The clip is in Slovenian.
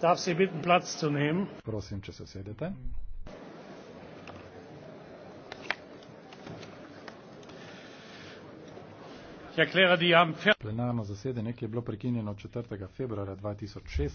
Darf Sie bitten, Platz zu nehmen? Prosím, če se sedete. Plenarno zasedanje, ki je bilo prekinjeno 4. februarja 2006,